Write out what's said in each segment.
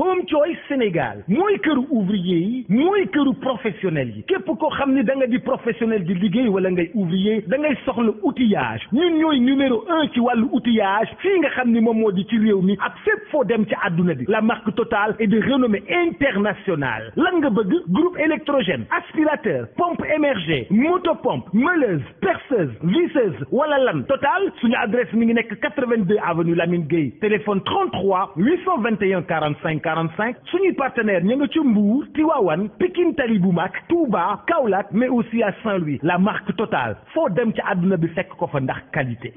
Home Choice Sénégal mooy këru ouvrier yi mooy këru professionnel yi képp koo xam ni da nga di professionnel di liggéey wala ngay ouvrier da ngay soxla outillage ñun ñooy numéro un ci wàllu outillage fi nga xam ni moom moo di ci réew mi ak fépp foo dem ci àdduna bi la marque Total est de renommée internationale lan nga bëgg groupe électrogène aspirateur pompe émergée motopompe meuleuse perceuse visseuse wala lan Total suñu adresse mi ngi nekk 82 avenue Lamine Gueye téléphone 33 821 45 quarante cinq suñuy partenaire ña nga ca Mbour Tiwawan Pikine Tali bu mag Touba Kaolack mais aussi à Saint-Louis la marque Total foo dem ca àdduna bi fekk ko fa ndax qualité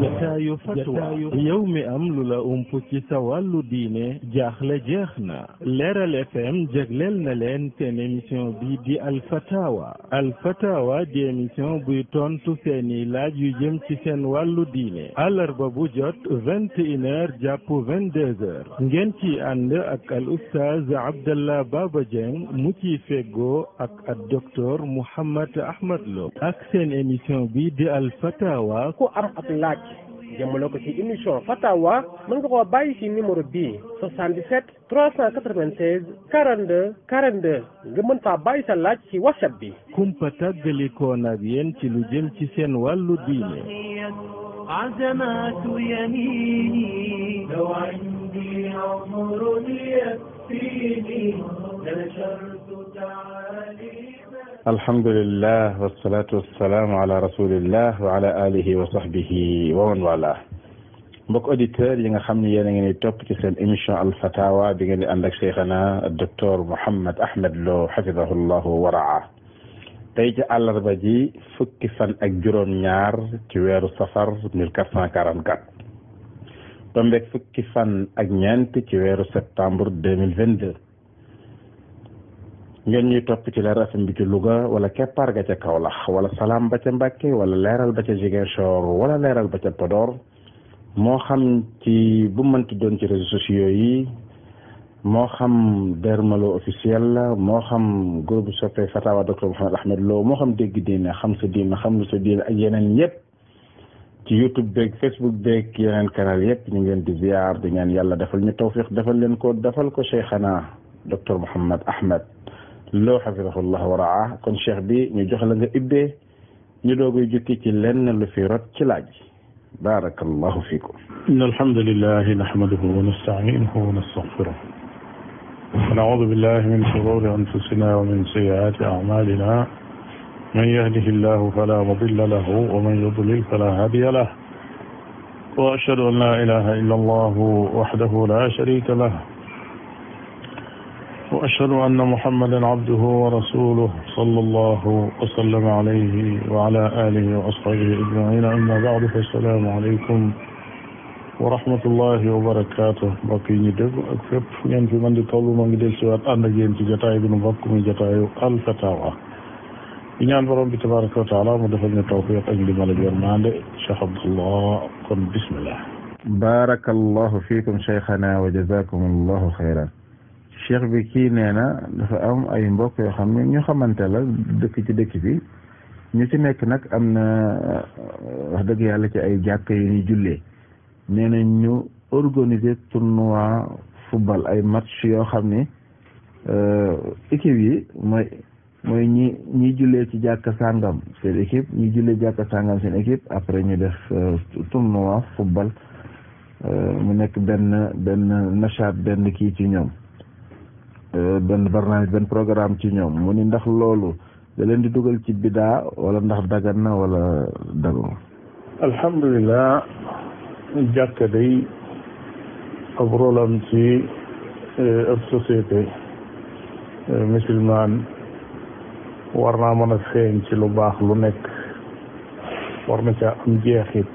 jataayu fatwa yow mi am lu la ump ci sa wàllu diine jaaxle jeex na leeral fm jégleel na leen seen émission bi di alfatawa alfatawa di émission buy tontu seeni laaj yu jëm ci seen wàllu diine àllarba bu jot vingt jàpp 22 heures ngeen ci ànd ak al oustaz Abdallah Baba Dieng mu ci feggoo ak ak docteur Mouhammad Ahmad Lo ak seen émission bi di al fatawa ku am ab laaj jëmale ko ci émission fatawa mën nga koo bàyyi ci numéro bii 77 396 42 42 nga mën faa bàyyi sa laaj ci whatsapp bi kumpa tàggalikoon ak yéen ci lu jëm ci seen wàllu diine عزمات يميني لو عندي عمر يكفيني لنشرت تعاليم alhamdulilah wasalaatu wasalaamu ala rasulillah wa ala alihi wa sahbihi wa man wala mbokk auditeurs yi nga xam ne yéen a ngi ni topp ci seen émission alfatawa bi ngeen di ànd ak cheikhana docteur Mouhammad Ahmad Lo xafidahu llahu wa raa tey ci àllarba ji fukki fan ak juróom ñaar ci weeru safar 1444 tombeeg fukki fan ak ñeent ci weeru septembre 2022 ngeen ñuy topp ci leeral FM bi ci Louga wala keppaar ga ca Kaolack wala salaam ba ca Mbàkke wala leeral ba ca Ziguinchor wala leeral ba ca Podor moo xam ci bu mënti doon ci réseaux sociaux yi moo xam dermalo officiel la moo xam groupe soppe fatawa docteur Mouhamed Ahmed Lo moo xam dégg diine xam sa diine xam lu sa diine ak yeneen yëpp ci youtube beeg facebook beeg yeneen canal yëpp ñu ngeen di ziar di ngeen yàlla defal ñu tawfiq defal leen ko defal ko cheikhana docteur Mouhamed Ahmed Lo xafidahullah wa raa kon cheikh bi ñu jox la nga ibbee ñu doogoy jukki ci lenn lu fi rot ci laaj barakallahu fikum in alhamdulilah nahmaduhu wa nastainuhu wa nastaghfiruh ونعوذ بالله من شرور أنفسنا ومن سيئات أعمالنا من يهده الله فلا مضل له ومن يضلل فلا هادي له وأشهد أن لا إله إلا الله وحده لا شريك له وأشهد أن محمدا عبده ورسوله صلى الله وسلم عليه وعلى آله وأصحابه أجمعين أما بعد فالسلام عليكم wa rahmatullahi wa barakaatu mbokk yi ñu dégg ak ngeen fi mën di toll moo ngi del siwaat ànd ak yéen ci jataay bi nu mbokk muy jataayu Al Fatawa di ñaan borom bi tabaraka wa taala mu defal ñu tawfiq ak ndimbal ak yërmande Cheikh Abdallah kon bismillah barakallahu fiikum cheikhana wa jazakum allahu xayran cheikh bi kii nee na dafa am ay mbokk yoo xam ne ñu xamante la dëkk ci dëkk bi ñu ci nekk nag am na wax dëgg yàlla ci ay jàkk yu ñuy jullee nee nañ ñu organiser tournoi football ay match yoo xam ni euh, équipe yi mooy mooy ñi ñi jullee ci jàkka sàngam seen équipe ñi jullee jàkka sàngam seen équipe après ñu def euh, tournoi football euh, mu nekk benn benn nachat benn kii ci ñoom benn barnaamij benn programme ci ñoom mu ni ndax loolu da leen di dugal ci bidaa wala ndax dagan na wala dagan alhamdulilah jàkka day ab ci euh, ab société euh, musulman war naa mën a feeñ ci lu baax lu nekk war na caa am jeexit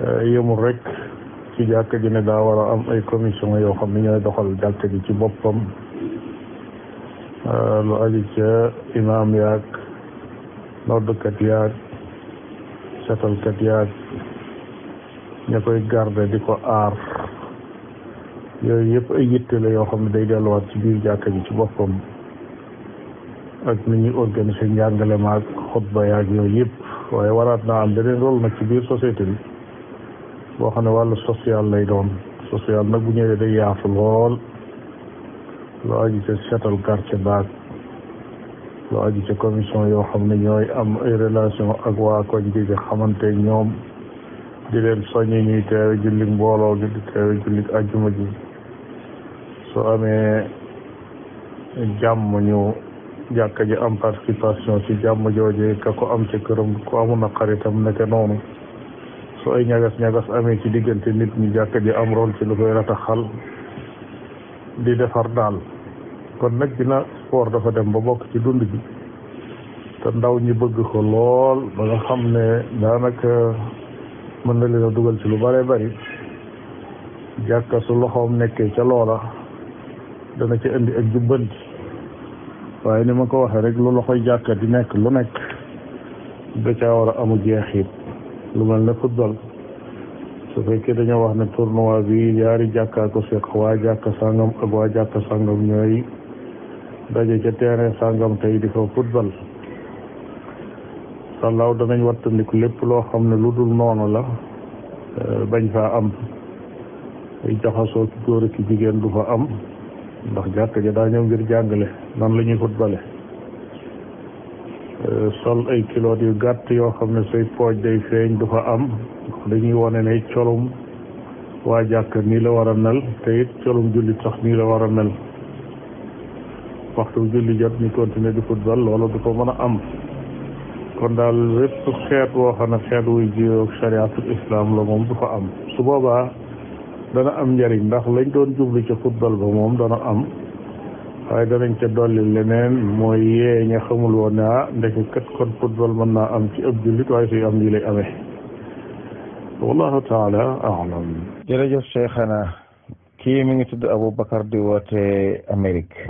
euh, yëmul rek ci jàkka ji ne daa am ay commission yoo xam ne ñooy doxal jàkka ci boppam lu aju ca imaam yaag noddukat yaag setalkat yaag ña koy garde di ko aar yooyu yëpp ay yitte la yoo xam ne day delluwaat ci biir jàkka ji ci boppam ak ni ñuy organiser njàngale maag xutba yaag yooyu yëpp waaye waraat naa am beneen rôle nag ci biir société bi boo xam ne wàll social lay doom social nag bu ñëwee day yaatu lool loo aju ci setal quartier baag lu aju ci commission yoo xam ne ñooy am ay relation ak waa koñ bi di xamante ñoom di leen soññi ñuy teewe jullit mbooloo gi di teewe jullit ajjuma ji soo amee jàmm ñu jàkka ji am participation ci jàmm jooje ka ko am ci këram ku amu na xaritam nekk noonu su ay ñagas-ñagas amee ci diggante nit ñi jàkka ji am rol ci lu koy rataxal di defar daal kon nag dina sport dafa dem ba bokk ci dund bi te ndaw ñi bëgg ko lool ba nga xam ne daanaka mën na leen a dugal ci lu bare bari jàkka su loxoom nekkee ca loola dana ci indi ak jubbanti waaye ni ma ko waxee rek lu loxoy jàkka di nekk lu nekk da caa war a amu jeexit lu mel ne football su fekkee dañoo wax ne tournoi bi yaari jàkkaa ko waa jàkka sàngam ak waa jàkka sàngam ñooy daje ca terrain sàngam tey di ko football sàllaaw danañ wattandiku lépp loo xam ne lu dul noonu la euh, bañ faa am jaxasoo ki góor ak ki jigéen du fa am ndax jàkk ja daa ñëw ngir jàngale nan la ñuy footballé euh, sol ay kiloot yu gàtt yoo xam ne say pooj day feeñ du fa am dañuy wone ne colum waa jàkk nii la war a mel te it colum jullit sax nii la war a mel waxtu julli jot ñu continuer di football loolu du ko mën a am kon daal lépp xeet woo xam xeet wuy jiyoog chariatul islam la moom du fa am su boobaa dana am njariñ ndax lañ doon jubli ca football ba moom dana am waaye danañ ke dolli leneen mooy yee ña xamul woon ne ah ndeke kat kon football mën naa am ci ab jullit waaye suy am yi lay amee wallahu taala alam jërëjëf Cheikhana kii mi ngi tudd Aboubacar di woote Amérique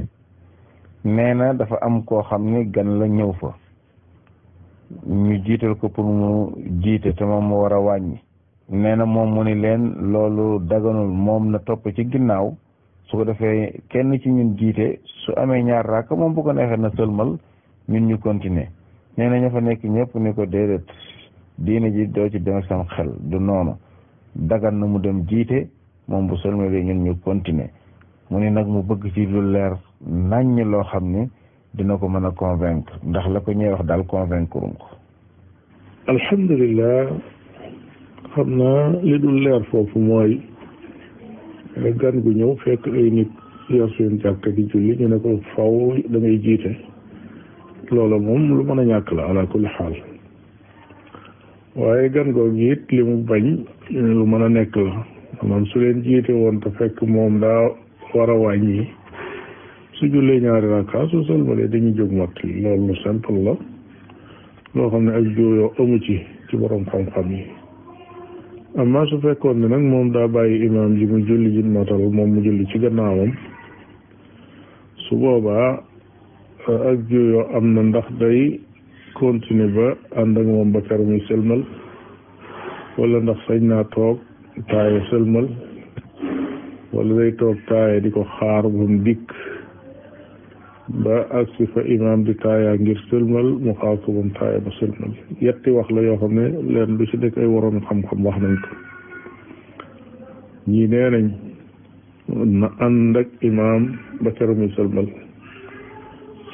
nee na dafa am koo xam ni gan la ñëw fa ñu jiital ko pour mu jiite te moom mu war a wàññi nee na moom mu ni leen loolu daganul moom na topp ci ginnaaw su ko defee kenn ci ñun jiite su amee ñaar raaka moom bu ko neexee na sëlmal ñun ñu continuer nee na ña fa nekk ñëpp ni ko déedéet diine ji doo ci dem ak sam xel du noonu dagan na mu dem jiite moom bu sëlmalee ñun ñu continuer mu ne nag mu bëgg ci lu leer naññ loo xam ne dina ko mën a convaincre ndax la ko ñuy wax daal convaincre ko. alhamdulilah xam na li dul leer foofu mooy eh, gan gu ñëw fekk ay nit yor seen jàkka di julli ñu ne ko faw da ngay jiite loola moom lu mën a ñàkk la ala kulli li mu bañ mën a nekk su leen jiite woon te fekk moom daa. war a wàññi su jullee ñaari rakka su sëlmalee dañuy jóg mottali loolu simple la loo xam ne ak jooyoo amu ci ci borom xam-xam yi amma su fekkoon ne moom daa bàyyi imaam ji mu julli ji motal moom mu julli ci gannaawam su boobaa eh, ak jooyoo am na ndax day continuer ba ànd ak moom ba kar sëlmal wala ndax sañ naa toog taaye sëlmal wala day toog di ko xaar ba mu dikk fa imaam di taaya ngir sëlmal mu xaar ko ba mu yetti wax la yoo xam leen lu ci nekk ay waroon xam-xam wax nañ ko ñii nee nañ na ànd ak imaam ba keroog muy sëlmal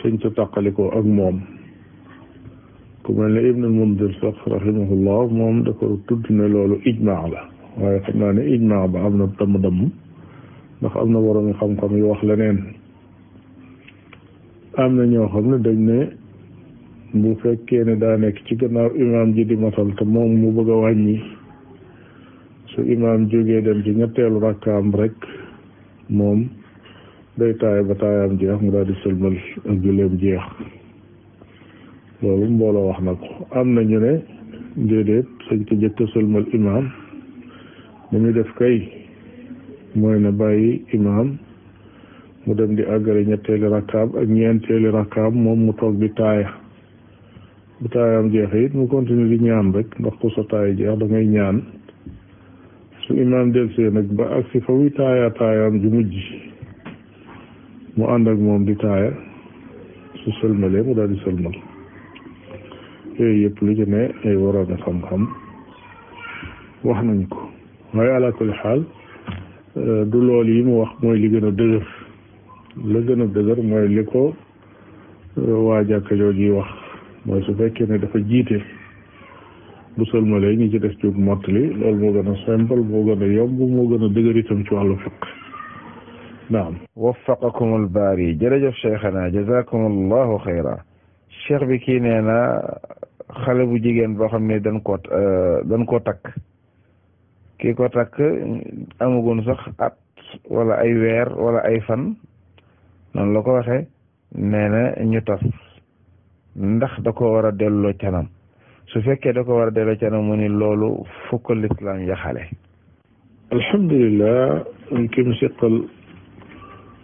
suñ ca ak moom ku mel ne ibn al-Mundir sax rahimahullah moom da ko tudd loolu ijmaa la waaye naa ne ba am na damm ndax am na boroomi xam-xam yu wax leneen am na ñoo xam ne dañ ne bu fekkee ne daa nekk ci gannaaw imaam ji di matal te moom mu bëgg a wàññi su imaam jógee dem ci ñetteelu rakkaam rek moom day taay ba taayaam jeex mu daal di sëlmal ak julleem jeex loolu mbooloo wax na ko am na ñu ne déedéet sañ ko jëkk sëlmal imaam ni def kay mooy na bàyyi imaam mu dem di àggale ñetteeli rakkaam ak ñeenteeli rakkaam moom mu toog di taaya bu taayaam jeexee it mu continue di ñaan rek ndax ku sa taaya jeex da ngay ñaan su imaam delsee nag ba ak si fa muy taayaa taayaam ju mujj mu ànd ak moom di taaya su sëlmalee mu daal di sëlmal yooyu yëpp lu ci ne ay waroon a xam-xam wax nañ ko waaye ala kulli xaal Euh, du lool yi mu wax mooy li gën a dëgër la gën a dëgër mooy li ko euh, waa jàkka jooju yi wax mooy su fekkee ne dafa jiite bu sëlmalee ñu ci def ci mottali loolu moo gën a simple moo gën a yomb moo gën a dëgër itam ci wàllu fiq naam waffaqakum albaari jërëjëf cheikhana jazakum allahu xayra cheikh bi kii nee na xale bu jigéen boo xam ne dañ koo euh, dañ koo takk ki ko takk amagun sax at wala ay weer wala ay fan noonu la ko waxe nee na ñu tas ndax da ko war a delloo canam su fekkee da ko war a delloo canam mu ni loolu fukk lislaam yaxale alhamdulilah ki mu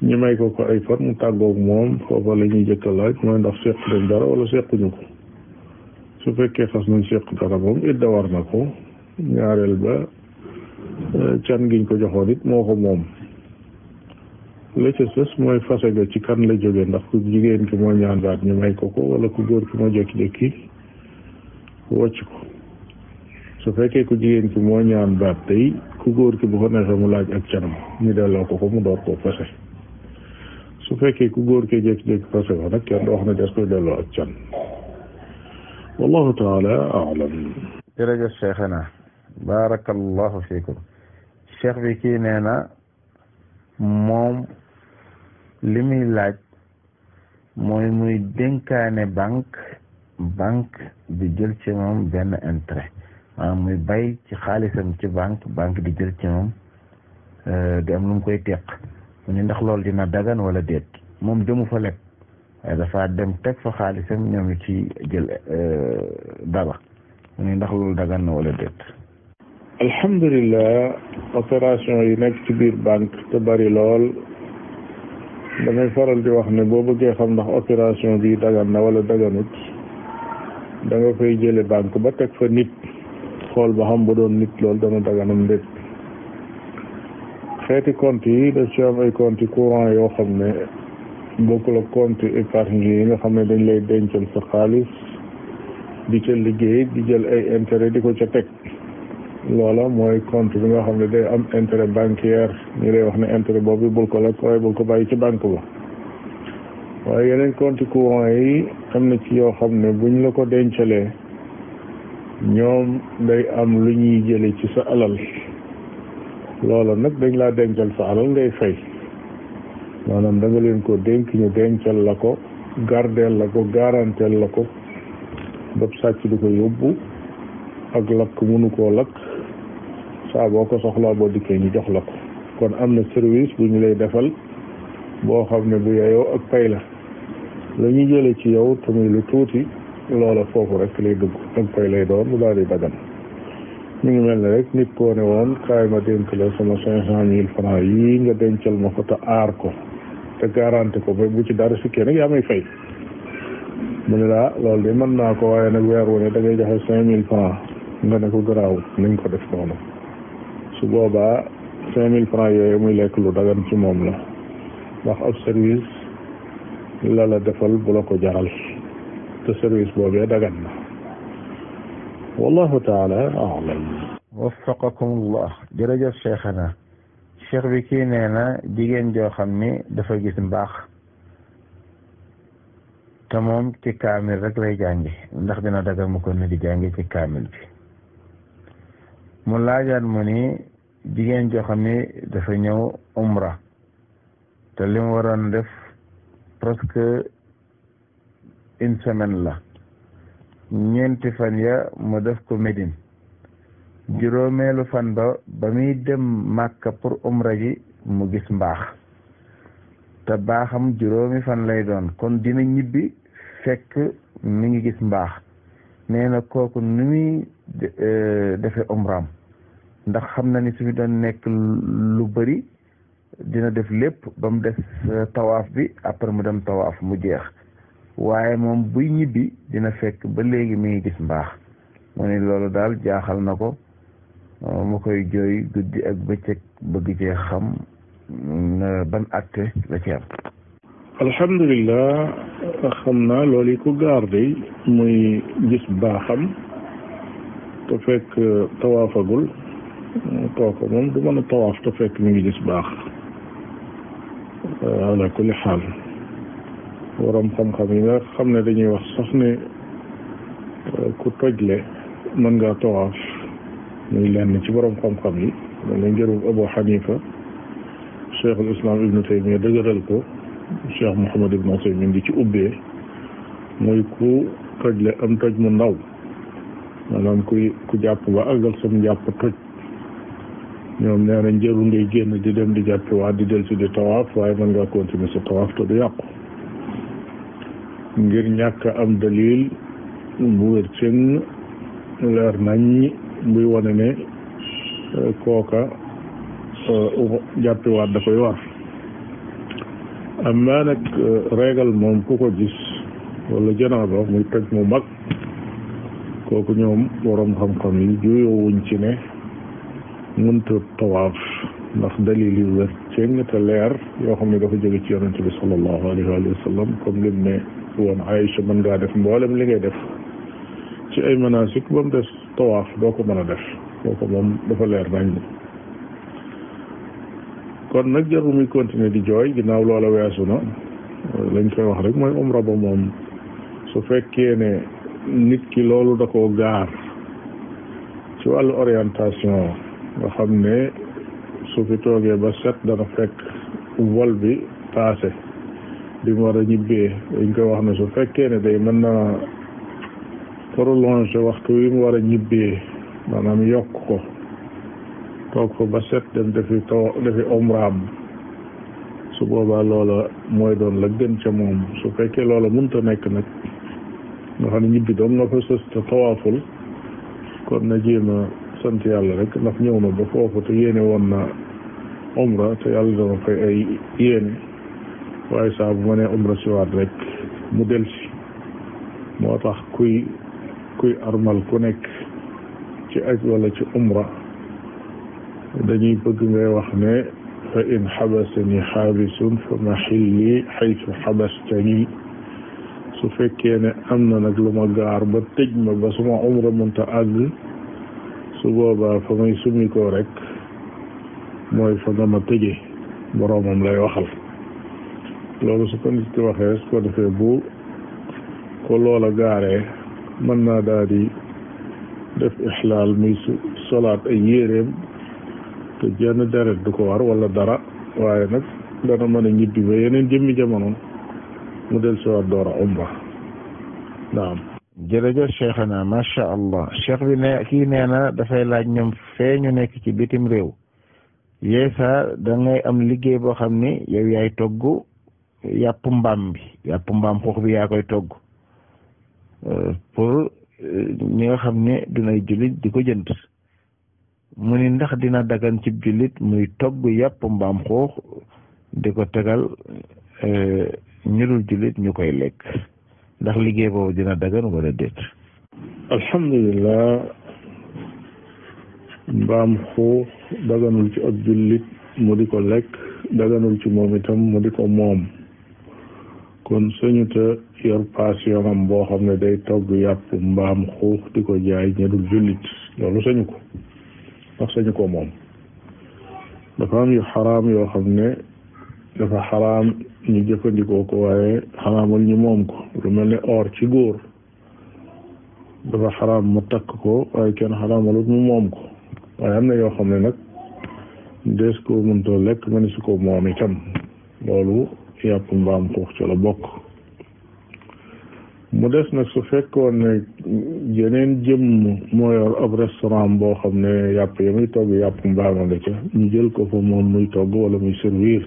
ñu may ko ko ay fan mu tàggoog moom foofa la ñuy jëkk mooy ndax seq nañ dara wala sequñu ko su fekkee xas nañ seq dara moom idda war na ko ñaareel ba Euh, can giñ ko joxoon it moo ko moom la ca mooy fase ga ci kan la jóge ndax ku jigéen ki moo ñaan baat ñu may ko ko wala ku góor ki moo jekki-jekki wocc ko su fekkee ku jigéen ki moo ñaan baat tey ku góor ki bu ko neexee mu laaj ak canam ñu delloo ko ko mu door koo fase su fekkee ku góor ki jekki-jekki fase ko nag kenn wax ne des koy delloo ak can wallahu taala alam jërëjëf Cheikhana barakallahu fiikum cheikh bi kii nee na moom li muy laaj mooy muy dénkaane banque banque di jël ci moom benn intérêt maanaam muy bay ci xaalisam ci banque banque di jël ci moom euh, di am lu mu koy teq mu ni ndax loolu dina dagan wala déet moom jëmu fa leb waaye dafa dem teg fa xaalisam ñoom yi ci jël euh, dara mu ni ndax loolu dagan na wala déet alhamdulilah opération yi nekk ci biir banque te bari lool damay faral di wax ne boo bëggee xam ndax opération bi dagan na wala daganut da nga koy jële banque ba teg fa nit xool ba xam bu doon nit lool dana daganam ndéet xeeti compte yi daf ci am ay compte courant yoo xam ne bokkul ak compte épargne yi nga xam ne dañ lay dencal sa xaalis di li liggéey di jël ay intérêt di ko ca teg loola mooy compte bi nga xam ne day am intérêt bancaire ñu lay wax ne intérêt boobu bul ko lekk waaye bul ko bàyyi ci banque ba waaye yeneen compte courant yi am na ci yoo xam ne buñ la ko dencalee ñoom day am lu ñuy jële ci sa alal loola nag dañ laa dencal sa alal ngay fay maanaam da leen ko dénk ñu dencal la ko gardeel la ko garanteel la ko bab sàcc du ko yóbbu ak lakk mënu koo lakk saa boo ko soxlaa boo dikkee ñu jox la ko kon am na service bu ñu lay defal boo xam ne bu yeyoo ak pay la la ñu jële ci yow te muy lu tuuti loola foofu rek lay dugg ak pay lay doon bu daal di dagan ñu ngi mel ne rek nit koo ne woon kaay ma dénk la sama cinq cent mille franc yii nga dencal ma ko te aar ko te garanti ko ba bu ci dara sikkee nag yaa may fay mu ne laa loolu de mën naa ko waaye nag weer wu ne da ngay joxe cinq mille franc nga ne ko garaawul nañ ko def noonu su boobaa cinq mille francs yooyu muy lekk lu dagan ci moom la ndax ab service la la defal bu la ko jaral te service boobee dagan na wallahu taala alam waffaqakum allah jërëjëf cheikhana cheikh bi kii nee na jigéen joo xam ni dafa gis baax te moom ci kaamil rek lay jàngi ndax dina dagan mu ko ne mu ni jigéen joxam xam ne dafa ñëw umra te li mu waroon def presque une semaine la ñeenti fan ya mu def ko Médine juróomeelu fan ba ba muy dem Màkka pour umra ji mu gis mbaax te baaxam juróomi fan lay doon kon dina ñibbi fekk mi ngi gis mbaax nee na kooku nu muy euh, defee umraam ndax xam na ni su fi doon nekk lu bëri dina def lépp ba mu des euh, tawaaf bi après mu dem tawaaf mu jeex waaye moom buy ñibbi dina fekk ba léegi mi ngi gis mbaax mu ne loolu daal jaaxal na ko euh, mu koy jooy guddi ak bëccëg bëgg cee xam euh, ban atte la ci am xam naa loolu yi ko garde muy gis baaxam te fekk tawaafagul kooku moom du mën a tawaaf te fekk mi ngi gis baax euh, ala kulli xaal waroom xam-xam yi nga xam ne dañuy wax sax ne euh, ku tojle mën ngaa tawaaf muy lenn ci borom xam-xam yi mel ne njërum Abu Xanifa cheikh al islam ibnu taymiya dëgëral ko cheikh Mouhamad di ci ubbee muy ku tojle am toj mu ndaw maanaam kuy ku jàpp ba àggal sam jàpp toj ñoom nee nañ njëru ngay génn di dem di jàppi waa di del si di tawaaf waaye mën ngaa continuer sa tawaaf te du yàqu ngir ñàkk am dalil bu wér cëng leer nañ buy wane ne euh, kooka euh, jàppiwaat da koy war am naa nag euh, régal moom ku ko gis wala janaaba muy toj mu mag kooku ñoom borom xam-xam yi juyoo wuñ ci ne mënta tawaaf ndax dalil yu wér ceng te leer yoo xam ne dafa jóge ci yonent bi sallallahu alayhi wa sallam comme lim ne woon Aïcha man ngaa def mboolem li ngay def ci ay manasik ba mu des tawaaf doo ko mën a def kooku moom dafa leer nañ kon nag jarul muy continuer di jooy ginnaaw loola weesu na lañ koy wax rek mooy umra ba moom su fekkee ne nit ki loolu da koo gaar ci wàllu orientation nga xam ne su fi toogee ba set dana fekk vol bi passé bi mu war a ñibbee dañ koy wax na su fekkee ne day mën na prolongé waxtu wi mu war a ñibbee maanaam yokk ko toog fa ba set dem dafi too dafi omraam su boobaa loola mooy doon la gën ca moom su fekkee loola mënta nekk nag nga xam ne ñibbi doom nga fa sës tawaaful kon na jéema sant yàlla rek ndax ñëw na ba foofu te yéene woon na umra te yàlla dama koy ay yéene waaye saa bu ma nee si waat rek mu del si moo tax kuy kuy armal ku nekk ci aj wala ci umra dañuy bëgg ngay wax ne fa in xabasani xaabisun fa ma xilli xaytu xabastani su fekkee ne am na nag lu ma gaar ba tëj ma ba suma umra mënta àgg su boobaa fa may summi rek mooy fa nga ma tëje boroomam lay waxal loolu su ko nit ki waxee su ko defee bu ko loola gaaree mën naa daal di def ixlaal muy solaat ay yéreem te jenn deret du ko war wala dara waaye nag dana mën a ñibbi ba yeneen jëmmi jamono mu del siwaat door a umra naam jërëjëf cheikhana macha allah cheikh bi ne kii nee na dafay laaj ñoom fee ñu nekk ci bitim réew yeesa da am liggéey boo xam ni yow yaay togg yàpp mbaam bi xuux bi yaa koy togg euh, pour euh, ñi nga xam ni dunay jullit di ko jënd mu ni ndax dina dagan ci jullit muy togg yàpp mbaam xuux di ko tegal euh, ñu dul jullit ñu koy lekk ndax liggéey boobu dina dagan wala déet alhamdulilah mbaam xuux daganul ci ab jullit mu di ko lekk daganul ci moom itam mu di ko moom kon suñu yor passion boo xam ne day togg yàpp mbaam xuux di ko jaay ñedul jullit loolu sañu ko ndax sañu ko moom dafa am yu xaraam yoo xam ne dafa xaraam ñu jëfandikoo ko waaye xaraamul ñu moom ko lu mel ni or ci góor dafa xaraam mu takk ko waaye kenn xaraamulut mu moom ko waaye am na yoo xam ne nag des koo mëntoo lekk mën su ko moom itam loolu yàpp mbaam xuux ci la bokk mu des nag su fekkoon ne yeneen jëm moo yor ab restaurant boo xam ne yàpp ya muy togg yàpp mbaam nga ca ñu jël ko fa moom muy togg wala muy servir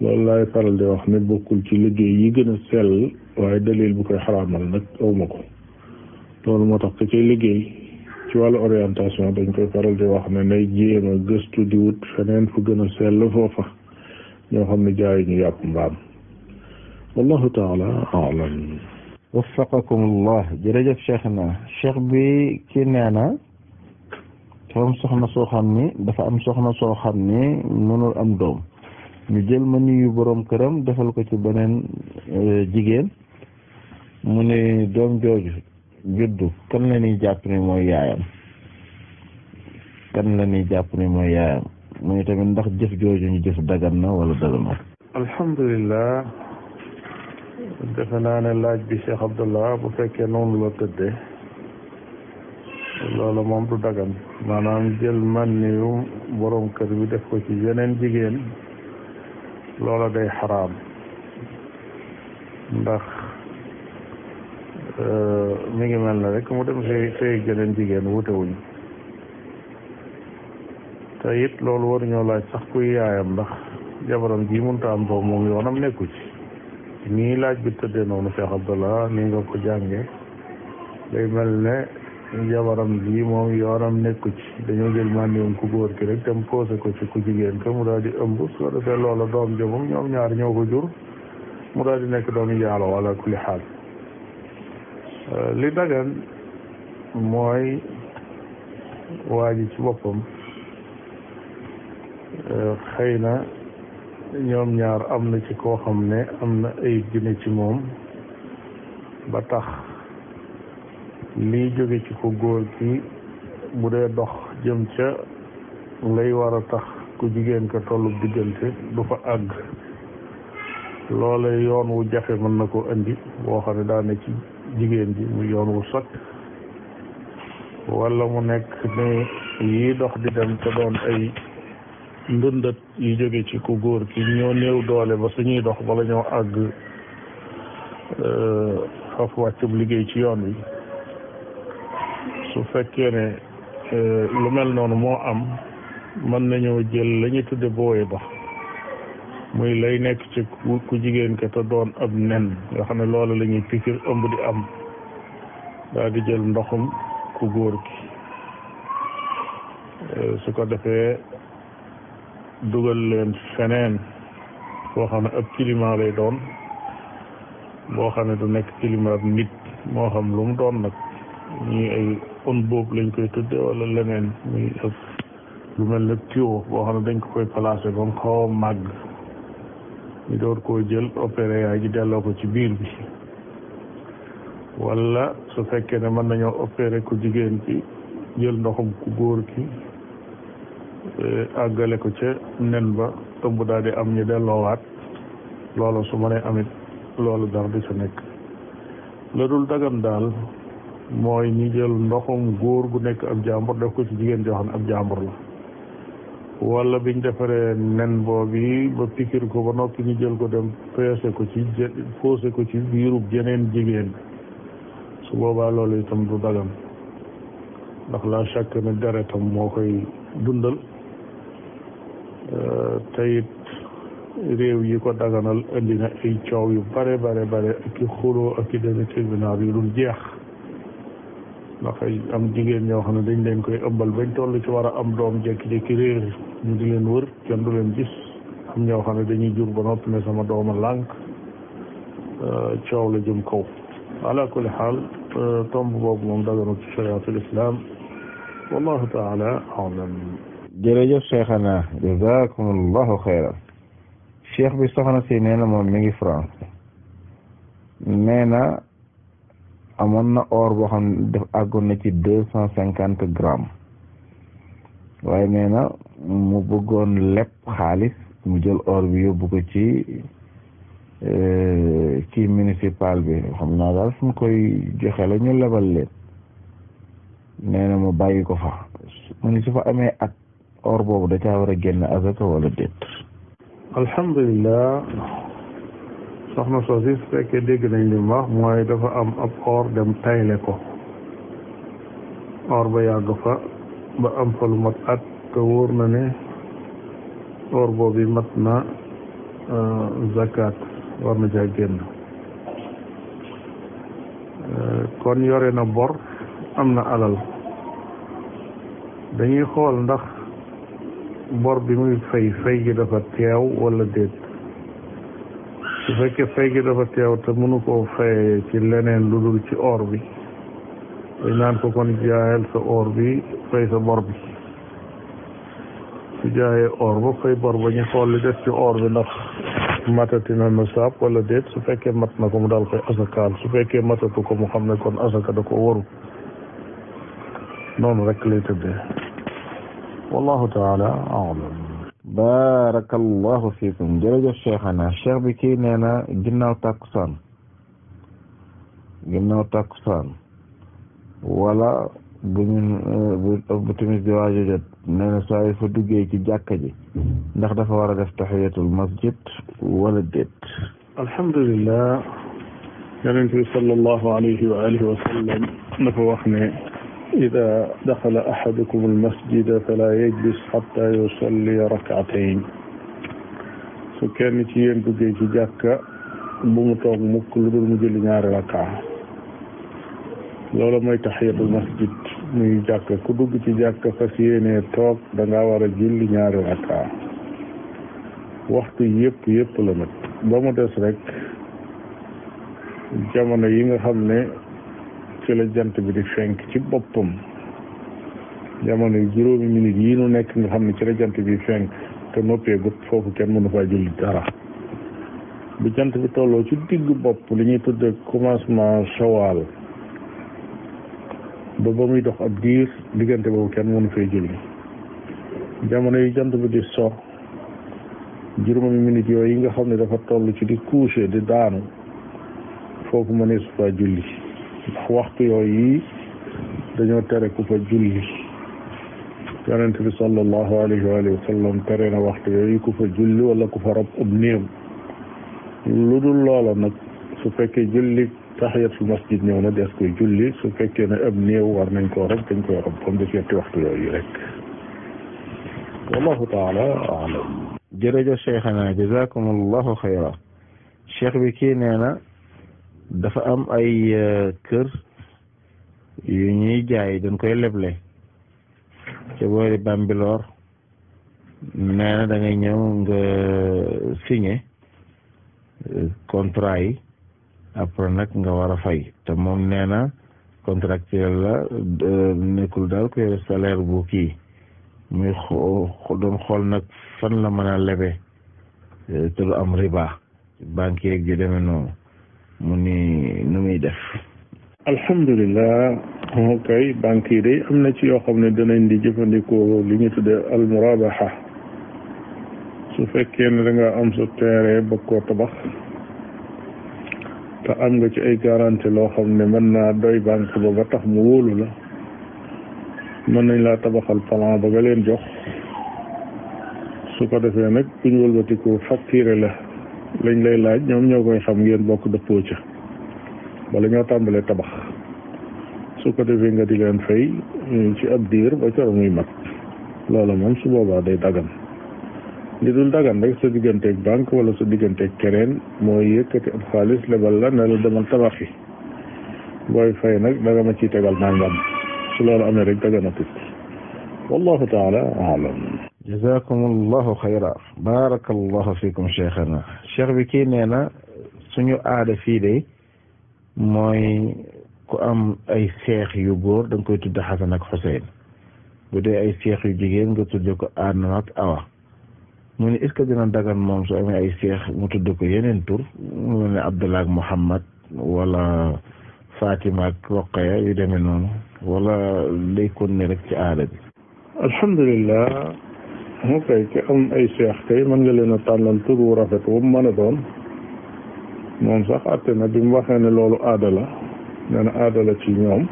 loolu laay faral di wax ne bokkul ci liggéey yi gën a sell waaye dalil bu koy xaraamal nag awma ko loolu moo tax ka liggéey ci wàllu orientation dañ koy faral di wax ne na jéem a gëstu di wut feneen fu gën a sell foofa ñoo xam ne jaay ñu yàpp mbaam wallahu taala alam waffaqakum allah jërëjëf cheikh na cheikh bi ki nee na dafa soxna soo xam ni dafa am soxna soo xam ni mënul am doom ñu jël ma nuyu borom këram defal ko ci beneen euh, jigéen mu ne doom jooju juddu kan la ñuy jàpp ni mooy yaayam kan la ñuy jàpp ni mooy yaayam mu ne tamit ndax jëf jooju ñu jëf dagan na wala daganul alhamdulilah defe naa ne laaj bi Cheikh Abdallah bu fekkee noonu la tëddee loolu moom du dagan maanaam jël man niyu borom kër bi def ko ci yeneen jigéen loola day xaraam ndax euh, mu ngi mel ne rek mu dem sëy sëy geneen jigéen wutewuñ te it loolu war laaj sax kuy yaayam ndax jabaram ji munta am doom moom yoonam nekku ci nii laaj bi tëddee noonu Cheikh Abdallah ni nga ko jànge day mel ne jabaram lii moom yoonam nekku ci dañoo jël màndiwum ku góor ki rek tam posé ko ci ku jigéen ka mu daal di ëmb su ko loola doom ja moom ñoom ñaar ñoo ko jur mu daal di nekk doom yàlla wala kulli xaal euh, li dagan mooy waa ji ci boppam euh, xëy na ñoom ñaar am na ci koo xam ne am na ayib gi ne ci moom ba tax lii jóge ci ku góor ki bu dee dox jëm ca lay war a tax ku jigéen ka tollu diggante du fa àgg loole yoon wu jafe mën na ko indi boo xam ne daane ci jigéen ji mu yoon wu sot wala mu nekk ne yi dox di dem te doon ay ndëndët yi jóge ci ku góor ki ñoo néew doole ba suñuy dox bala ñoo àgg euh, faf wàccub liggéey ci yoon wi su fekkee ne euh, lu mel noonu moo am mën nañoo jël la ñuy tudde booye ba muy lay nekk ci ku jigéen ke te doon ab nen nga xam ne loolu lañuy ñuy pikir ëmb di am daal di jël ndoxum ku góor ki euh, su ko defee dugal leen feneen foo xam ne ab climat lay doon boo xam ne du nekk climat nit moo xam lu mu doon nag ñii ay on boobu lañ koy tudde wala leneen muy ak lu mel ne tuyau boo xam ne dañ ko koy placé ba mu xaw a màgg ñu door koo jël opéré yaay ji delloo ko ci biir bi wala su fekkee ne mën nañoo opéré ku jigéen ki jël ndoxum ku góor ki eh, àggale ko ca nen ba ëmb daal di am ñu delloowaat loolu su ma nee amit loolu dara di sa nekk la dul daal mooy ñu jël ndoxum góor gu nekk ab jàmbur def ko ci jigéen joo xam ne ab jàmbur la wala biñ defaree nen boobu ba pikir ko ba noppi ñu jël ko dem peese ko ci jë poose ko ci biirub jeneen jigéen su boobaa loolu tam du dagan ndax la chaque ne deretam moo koy dundal euh, te réew yi ko daganal indi na ay coow yu bare bare bare ak i xuloo ak i deme tribunal yu dul jeex dafay am jigéen ñoo xam ne dañ leen koy ëmbal bañ toll ci war a am doom jékki-jékki réer ñu di leen wër kenn du leen gis am ñoo xam ne dañuy jur ba noppi ne sama dooma lànk euh, coow la jëm kaw ala kulli xaal euh, tomb boobu moom daganul ci chariatul islam wallahu taala alam jërëjëf cheikhana jazakumullahu xayran cheikh bi soxna si nee na moom mi ngi France amoon na or boo xam ne def àggoon na ci deux cent cinquante grammes waaye nee na mu bëggoon lépp xaalis mu jël or bi yóbbu ko ci euh, ci municipal bi xam naa daal fu koy joxee la ñu lebal leen nee na mu bàyyi ko fa mu ni su fa amee at or boobu da caa war a génn azaka wala déet alhamdulilah soxna soosi su fekkee dégg nañ li mu wax mooy dafa am ab or dem tayle ko or ba yàgg fa ba am fa lu mat at te wóor na ne or boobu mat na euh, zakat war na caa génn euh, kon yore na bor am na alal dañuy xool ndax bor bi muy fay fay gi dafa teew wala déet su fekkee fay gi dafa teew te mënu koo fayee ci leneen lu ci oor bi dañ naan ko kon jaayal sa or bi fay sa bor jaayee or ba fay bor ba ñu xool li des ci or bi ndax matatina nisaab wala déet su fekkee mat na ko mu daal koy asakaal su fekkee matatu ko mu xam ne kon asaka da ko waru noonu rek lay tëddee wallahu taala barakallahu fiikum jërëjëf cheikhana cheikh bi kii nee na ginnaaw tàkkusaan ginnaaw tàkkusaan wala bu ñu bu timis di waaju jot nee na saa yu fa duggee ci jàkka ji ndax dafa war a def taxiyatul masjid wala déet alhamdulillah yonent bi sallallahu alayhi wa alihi wa sallam dafa wax ne ida daxala axadukum almasjida fala yajlis xata yusalli rakatayn su kenn ci yéen duggee ci jàkka bu mu toog mukk lu dul mu julli ñaari rakkaa loolu mooy taxiyatul masjid muy jàkka ku dugg ci jàkka fas yéenee toog da ngaa war a julli ñaari rakkaa waxtu yëpp yëpp la nag ba mu des rek jamono yi nga xam ne fukki la jant bi di fenk ci boppam jamono juróomi minit yi nu nekk nga xam ne ci la jant bi fenk te noppee gut foofu kenn mënu faa julli dara bu jant bi tolloo ci digg bopp li ñuy tudde commencement shawal ba ba muy dox ak diir diggante boobu kenn mënu fee julli jamono yi jant bi di so juróomi minit yooyu yi nga xam ne dafa toll ci di coucher di daanu foofu mënees faa julli ndax waxtu yooyu dañoo tere ku fa julli yonent bi sallallahu alayhi wa sallam tere na waxtu yooyu ku fa julli wala ku fa rob ab néew lu dul loola nag su fekkee julli tahiyatul masjid ñëw na des koy julli su fekkee ne ab néew war nañ koo rob dañ koy rob comme des yetti waxtu yooyu rek wallahu taala alam jërëjëf cheikhana jazakum allahu xayra cheikh bi kii nee na dafa am ay euh, kër yu ñuy jaay dañ koy leble ca boori Bambilor nee na da ngay ñëw nga euh, signé euh, contrat yi après nag nga war a fay te moom nee na contractuel la nekkul daal ko yore bu kii muy doon xool nag fan la mën a lebe te du am riba banque ju demee noonu mu ni nu muy def alhamdulilah kay banque yi day am na ci yoo xam ne danañ di jëfandikoo li ñu tudde almurabaha su fekkee ne da nga am su terrain ba koo tabax te am nga ci ay garantie loo xam ne mën naa doy banque ba ba tax mu wóolu la mën nañ laa tabaxal plan ba nga leen jox su ko defee nag bu ñu wëlbatikoo facturé la lañ lay laaj ñoom ñoo koy xam ngeen bokk dëppoo ca bala ñoo tàmbalee tabax su ko defee nga di leen fay eh, ci ab diir ba coro muy mat loola moom su boobaa day dagan li dul dagan rek sa digganteeg banque wala sa digganteeg kereen mooy yëkkati ab xaalis lebal la ne la demal tabax yi booy fay nag da nga ma ciy tegal nangam su loolu amee rek daganatul taala alam jazakumullahu xayra barakallahu fikum cheikhana cheikh bi kii nee na suñu aada fii de mooy ku am ay seex yu góor da nga koy tudde xasan ak xuseyn bu dee ay seex yu jigéen nga tudde ko aadama ak awa mu ne est-ce que dina dagan moom su amee ay seex mu tudde ko yeneen tur mu ne abdullah ak muhammad wala fatima ak roqaya yu demee noonu wala lay kon ne rek ci aada bi alhamdulillah ok ki am ay seex kay mën nga leen a tànnal tur wu rafet wu mu mën a doon moom sax àtte na bi mu waxee ne loolu aada la nee na aada la ci ñoom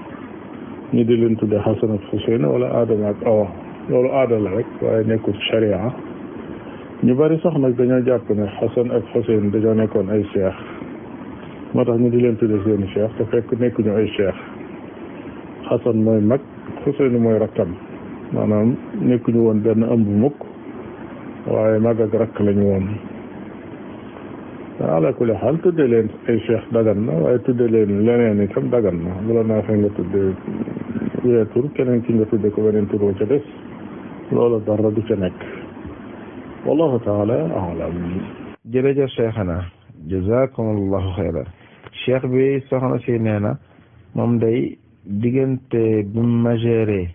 ñu di leen tudde Xasan ak Xuseyn wala Adama ak Awa loolu aada la rek waaye nekkul sharia ñu bari sax nag dañoo jàpp ne Xasan ak Xuseyn dañoo nekkoon ay seex moo tax ñu di leen tudde seeni seex te fekk nekkuñu ay seex Xasan mooy mag Xuseyn mooy rakkam maanaam nekkuñu woon benn ëmb mukk waaye mag ak rakk lañu woon ala kulli xaal tudde leen ay cheikh dagan waaye tudde leen leneen itam dagan na bu la neexee nga tudde wee tur keneen ki tudde ko beneen tur wa ca des loolu dara du ca nekk wallahu taala alam jërëjëf cheikhana jazakumullahu xayra cheikh bi soxna si nee na moom day diggante bi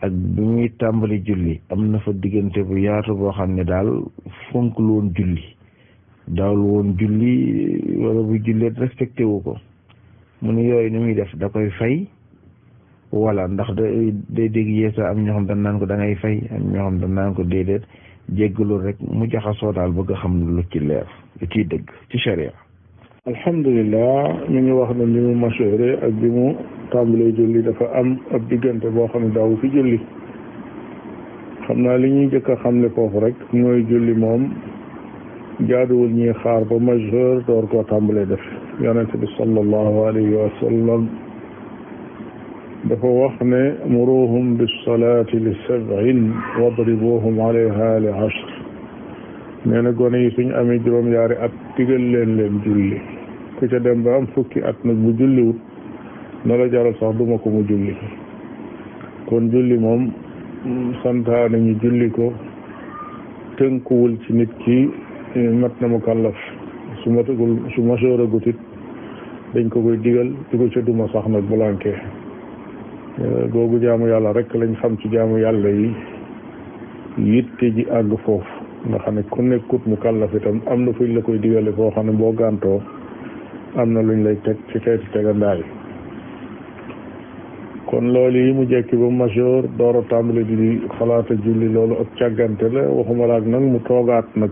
ak bi ñuy tàmbali julli am na fa diggante bu yaatu boo xam ne daal fonk loon woon julli daawul woon julli wala bu julleet respecté wu ko mu ne yooyu ni muy def da koy fay wala ndax da day dégg yeesa am ñoo xam dañ naan ko dangay ngay fay am ñoo xam dañ ko déedéet jéggalul rek mu jaxasoo daal bëgg a xam lu ci leer lu ciy dëgg ci sharia alhamdulilah ñu ngi wax ne bi mu masoore ak bi mu tàmbalee julli dafa am ab diggante boo xam ne daawu fi julli xam naa li ñuy njëkk a xamle foofu rek mooy julli moom jaaduwul ñuy xaar ba majeur door koo tàmbalee def yonente bi sallallahu alayhi wa sallam dafa wax ne muruhum bis salaati li sab'in wadribuhum alayha li ashr nee na gone yi suñu amee juróom-ñaari at digal leen leen julli ku ca dem ba am fukki at nag bu julliwut na la jaral sax duma ko mu julli kon julli moom santaane ñu julli ko tënkuwul ci nit ki mat na mu kàllaf su matagul su masoor agut it dañ ko koy digal di ca duma sax nag bulanke googu jaamu yàlla rek lañ xam ci jaamu yàlla yi yitte ji àgg foofu nga xam ne ku mu kàllaf itam am na fuñ la koy digale foo xam ne boo gàntoo am na luñ lay teg ci xeeti tegandaay kon loolu yi mu jekki ba majeur door a tàmbali di xalaata julli loolu ak càggante la waxuma laak nag mu toogaat nag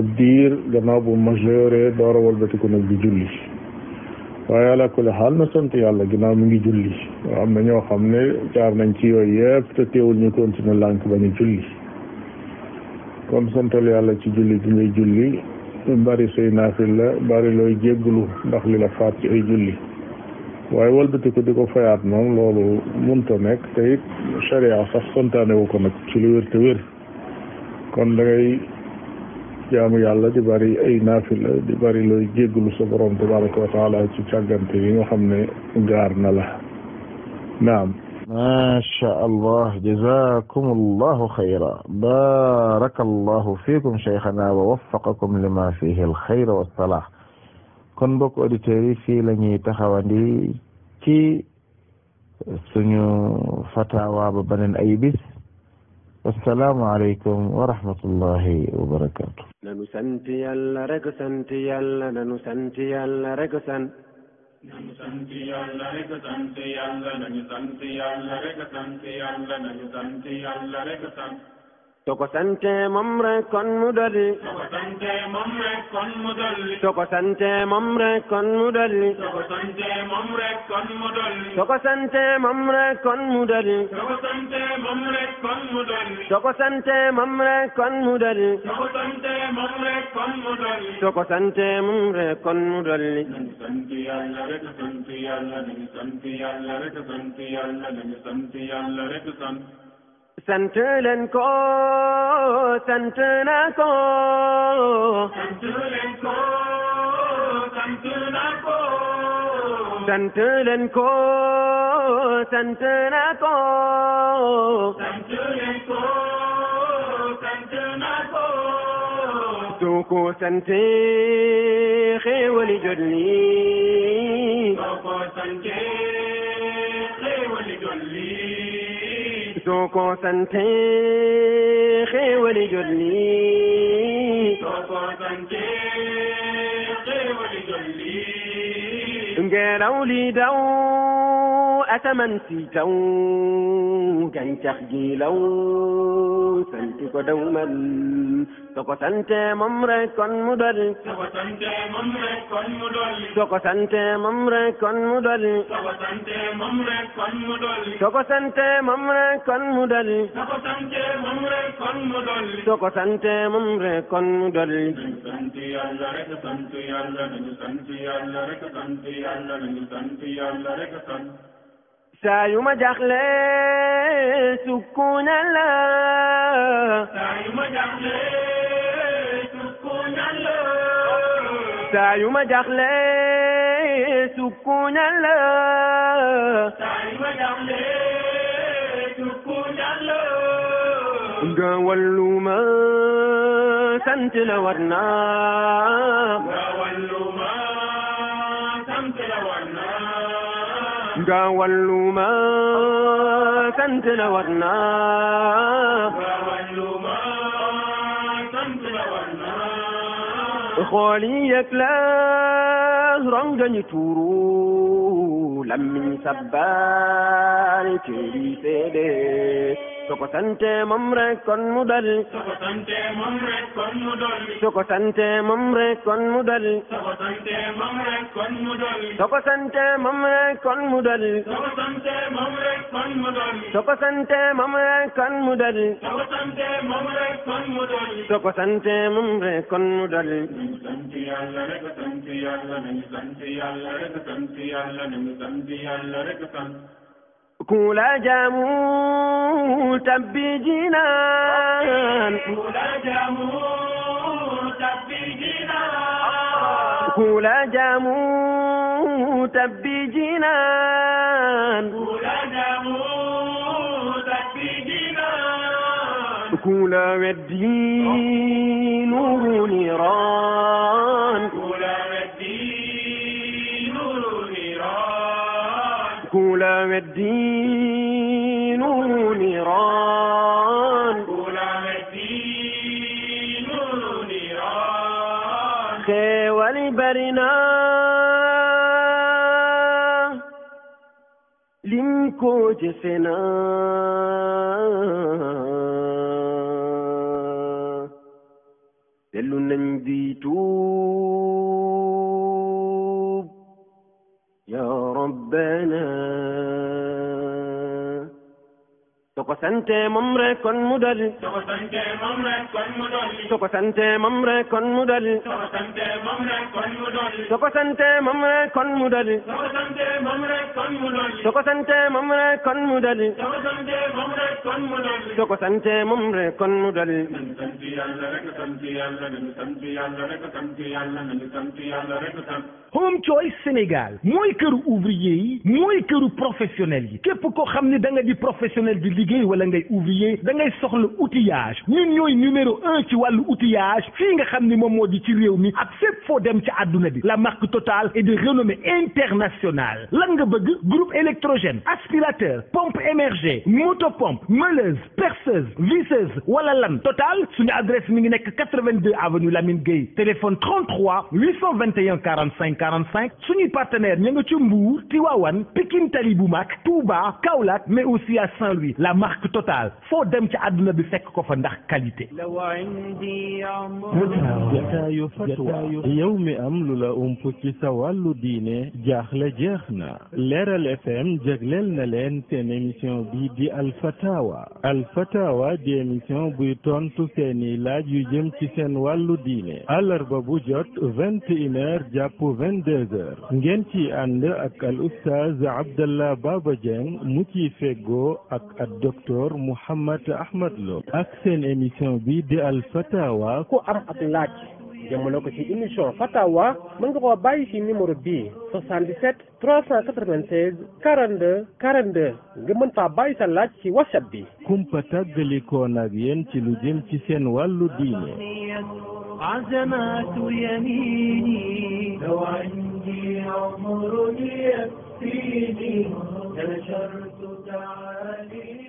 ab diir gannaaw bu majeure door a walbatiku nag di julli waaye ala kulli xaal na sant yàlla ginnaaw mu ngi julli am na ñoo xam ne jaar nañ ci yooyu yëpp te teewul ñu continuer lànk ba ñu julli kon santal yàlla ci julli gi ngay julli bari say naafil la bari looy jégglu ndax li la faat ci ay julli waaye walbati ko di ko fayaat moom loolu munta nekk te it sharia sax santaane wu ko nag ci lu wér te wér kon da jaamu yàlla di bari ay la di bari looy jégglu sa borom tabaraka wa taala ci càggante yi nga xam ne gaar na la naam macha allah jazakum allahu xayra baraka allahu fiikum cheikhana wa waffaqakum lima fihi alxayra wassalah kon mbokk auditeurs yi fii la ñuy taxawandi ci suñu fatawa ba beneen ay bis wassalaamu aleykum wa rahmatullahi wa barakatu nanu sant yàlla rek sant yàlla nanu sant yàlla rek sant nañu sant yàlla rek sant yàlla nañu sant yàlla rek sant yàlla nañu sant yàlla rek sant soko sante moom rek kon mu dolli. soko kon mu dolli. soko kon mu sant yàlla rek sant yàlla rek sant yàlla sant leen ko sant na ko. sant leen ko sant na ko. sant leen ko sant na ko. sant leen ko sant na ko. soo ko sante xéewali jot nii. soo ko sante. soo ko sante xéewali jot lii soo li daw ataman si taw gàncax gi law sant ko daw man soo ko sante moom rek kon mu dolli soo ko sante moom rek kon mu dolli soo ko sante moom rek kon mu dolli soo ko sante moom rek kon mu dolli soo ko sante moom rek kon mu dolli soo ko sante moom rek kon mu dolli soo ko sante moom rek kon mu dolli sant yàlla rek sant yàlla nañu sant yàlla rek sant yàlla nañu sant yàlla rek sant saa yu ma jaaxle sukuna la. saa yu ma jaaxle sukuna la. saa gaawallu ma sant la war naa. gaawallu ma sant la war naa. xool yi yëg la rongañu tuuru lammiñ sabbaal cër soko sante moom rek kon mu dal soko sante moom rek kon mu dal soko sante moom rek kon mu dal soko sante moom rek kon mu dal soko sante moom rek kon mu dal soko sante moom rek kon mu dal soko sante moom rek kon mu dal soko sante moom rek kon mu dal soko sante moom rek kon mu dal sant yàlla rek sant yàlla nañu sant yàlla rek sant yàlla nañu sant yàlla rek sant kula jamu tabbi jinaan kula jamu tabbi jinaan kula jamu tabbi jinaan kula jamu tabbi jinaan kula weddi nuuru niraan الأولى والدين نيران الأولى والدين نيران خيول برنا لمكو جسنا dellu nañ di tuub يا ربنا ko sante moom rek kon mu dolli soo ko sante moom ko mu dolli ko sante moom kon mu dolli ko sante moom rek kon mu dolli soo ko kon mu dolli soo ko Home Choice Sénégal mooy këru ouvrier yi mooy këru professionnel yi képp koo xam ne da nga di professionnel di liggéey wala ngay ouvrier da ngay soxla outillage ñun ñooy numéro un ci wàllu outillage fii nga xam ni moom moo di ci réew mi ak fépp foo dem ci àdduna bi la marque Total est de renommée internationale lan nga bëgg groupe électrogène aspirateur pompe émergée motopompe meuleuse perceuse visseuse wala lan Total suñu adresse mi ngi nekk 82 avenue Lamine Gueye téléphone 33 821 quarante cinq suñuy partenaire ña nga ca Mbour Tiwaawan Pikine Tali bu mag Touba Kaolack mais aussi à Saint-Louis la marque Total foo dem ca àdduna bi fekk ko fa ndax qualité jataayu fatwa yow mi am lu la ump ci sa wàllu diine jaaxle jeex na Leeral FM jagleel na leen seen émission bi di alfatawa alfatawa di émission buy tontu seeni laaj yu jëm ci seen wàllu diine àllarba bu jot une heures jàpp 22 ngeen ci ànd ak al oustaz Abdallah Baba Dieng mu ci feggoo ak ak docteur Mouhammad Ahmad Lo ak seen émission bi di al fatawa ku am ak laaj jëmale ko ci émission fatawa mën nga koo bàyyi ci numéro bi 77 396 42 42 nga mën faa bàyyi sa laaj ci whatsapp bi kumpa tàggalikoon ak yéen ci lu jëm ci seen wàllu diine عزمات يميني لو عندي عمر يكفيني نشرت تعاليمي